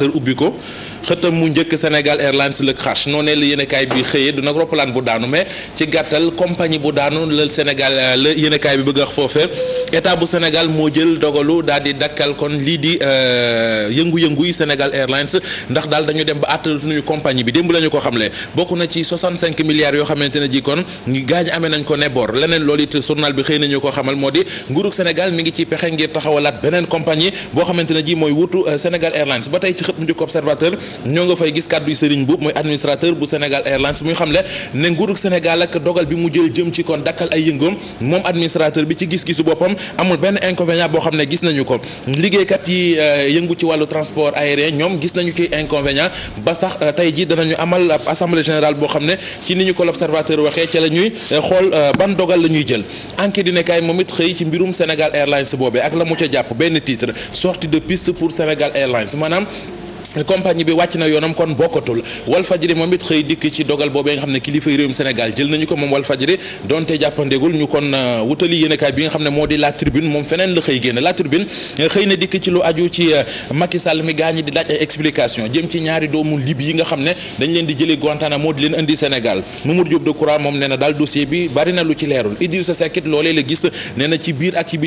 tër ubbi ko xëtam mu njëkk Sénégal Airlines le crash noonee la yéenekaay bi xëyee du nag roppalaan bu daanu mais ci gàttal compagnie bu daanu la Sénégal la yéenekaay bi bëgg a wax foofee état bu Sénégal moo jël dogalu daal di dakkal kon lii di euh, yëngu-yëngu yi Sénégal Airlines ndax daal dañu dem ba àttalatuñu compagnie bi démb la ñu ko xamle bokk na ci 65 milliards yoo xamante ne ji kon ngi gaañ amee nañ ko ne bor leneen bi xëy nañu ko xamal moo di nguurug Sénégal mi ngi ci pexe ngir taxawalaat beneen compagnie boo xamante ne ji mooy wutu euh, Sénégal Airlines ba tey xët mu njëkk observateur ñoo nga fay gis kàddu yi Serigne Mboup mooy administrateur bu Sénégal Airlines muy xamle ne nguurug Sénégal ak dogal bi mu jël jëm ci kon dakkal ay yëngoom moom administrateur bi ci gis-gisu boppam amul benn inconvénient boo xam ne gis nañu ko liggéeykat yi euh, yëngu ci wàllu transport aérien ñoom gis nañu ci inconvénient ba sax euh, tey jii danañu amal ab assemblée boo xam ne ci ni ñu ko l'observateur waxee ca la ñuy euh, xool ban dogal la ñuy jël enquête dina kaay moom it xëy ci mbirum Sénégal Airlines boobee ak la mu ca jàpp benn titre sortie de piste pour Sénégal Airlines maanaam compagnie bi wàcc na yoonam kon bokkatul Walfadjri moom it xëy dikk ci dogal boobee nga xam ne kilifay réewum Sénégal jël nañu ko moom Walfadjri donte jàppandegul ñu kon euh, wutali yéenekaay bi nga xam ne moo di La Tribune moom feneen la xëy génn La Tribune euh, xëy na dikk ci lu aju ci euh, Macky Sall mi gaañ di laaj ay explication jëm ci ñaari doomu Libye yi nga xam ne dañ leen di jëlee moo di leen indi Sénégal Mamour Diop Decroix moom nee na daal dossier bi bari na lu ci leerul Idrissa Seck it loolee la gis nee na ci biir ak ci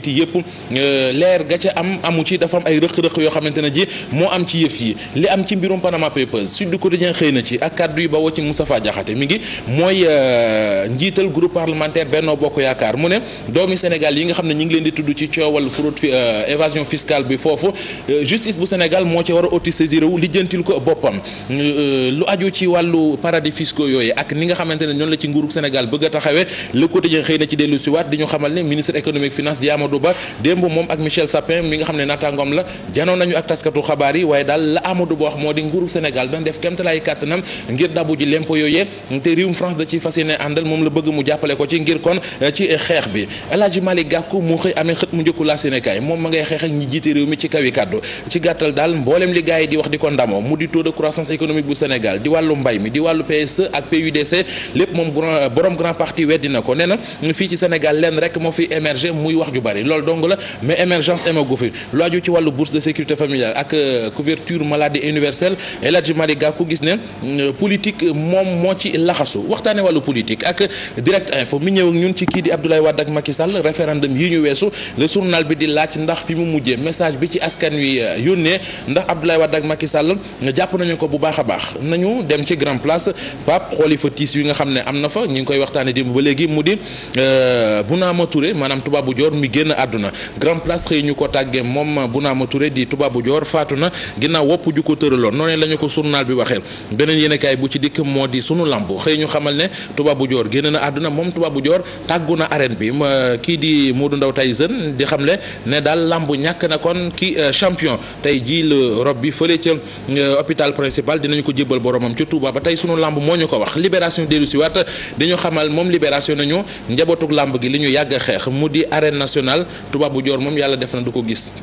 leer ga ca am amu ci dafa am ay rëq-rëq yoo xamante ne ji moo am ci yëf yi li am ci mbirum Panama Papers Sud du Quotidien xëy na ci ak kàddu yu bawoo ci Moustapha Diakhaté mi ngi mooy euh, njiital groupe parlementaire Benno Bokk Yaakaar mu ne doomi Sénégal yi nga xam ne ñu ngi leen di tudd ci coowal fraude euh, évasion fiscale bi foofu euh, justice bu Sénégal moo ci war a oti saisir wu lijjantil ko boppam lu aju ci wàllu paradis fiscaux yooyu ak ni nga xamante ne ñoonu la ci nguurug Sénégal bëgg a taxawee Le Quotidien xëy na ci dellu si waat di ñu xamal ne ministre économique finance di Amadou Ba démb moom ak Michel xam ne naataangoom la janoon nañu ak taskatu Eh, moom ma ngay xeex ak ñi jiite réew mi ci kaw yi kàddu ci gàttal daal mbooleem li gars yi di wax di ko ndamoo mu di taux croissance économique bu Sénégal di wàllu mbay mi di wàllu PSE ak PUDC lépp moom borom grand parti weddi ko nee na fii ci Sénégal lenn rek moo fi émerger muy wax ju bari loolu dong mais émergence émagu fi aju ci wàllu bourse de sécurité familiale ak eh, couverture maladie di universel El Hadji Malick Gakou gis ne euh, politique moom moo ci laxasu waxtaane wàllu politique ak direct info mi ñëw ak ñun ci kii di Abdoulaye Wade ak Macky Sall référendum yi ñu weesu le journal bi di laaj ndax fi mu mujjee message bi ci askan wi euh, yónnee ndax Abdoulaye Wade ak Macky Sall jàpp nañu ko bu baax a baax nañu dem ci grand place Pape xooli fa tiis yi nga xam ne am na fa ñu ngi koy waxtaanee démb ba léegi mu di euh, Bounama Touré maanaam tubaabu joor mi génn àdduna grand ñu ko tàggee moom Bounama Touré di tubaabu joor ñu ko noonu la ko journal bi waxee beneen yéenekaay bu ci dikk moo di sunu lamb xëy ñu xamal ne Touba bu joor génn na àdduna moom Touba bu joor tàggu na arène bi kii di Modou Ndaw Tyson di xam le ne daal lamb ñàkk na kon ki euh, champion tey jii la rob bi fële ca euh, hôpital principal dinañu ko jébbal boromam ci Touba ba tey suñu lamb moo ñu ko wax libération dellu si waat dañu xamal moom libération nañu njabootuk lamb gi li ñu yàgg xeex mu di arène nationale Touba bu yàlla def na du ko gis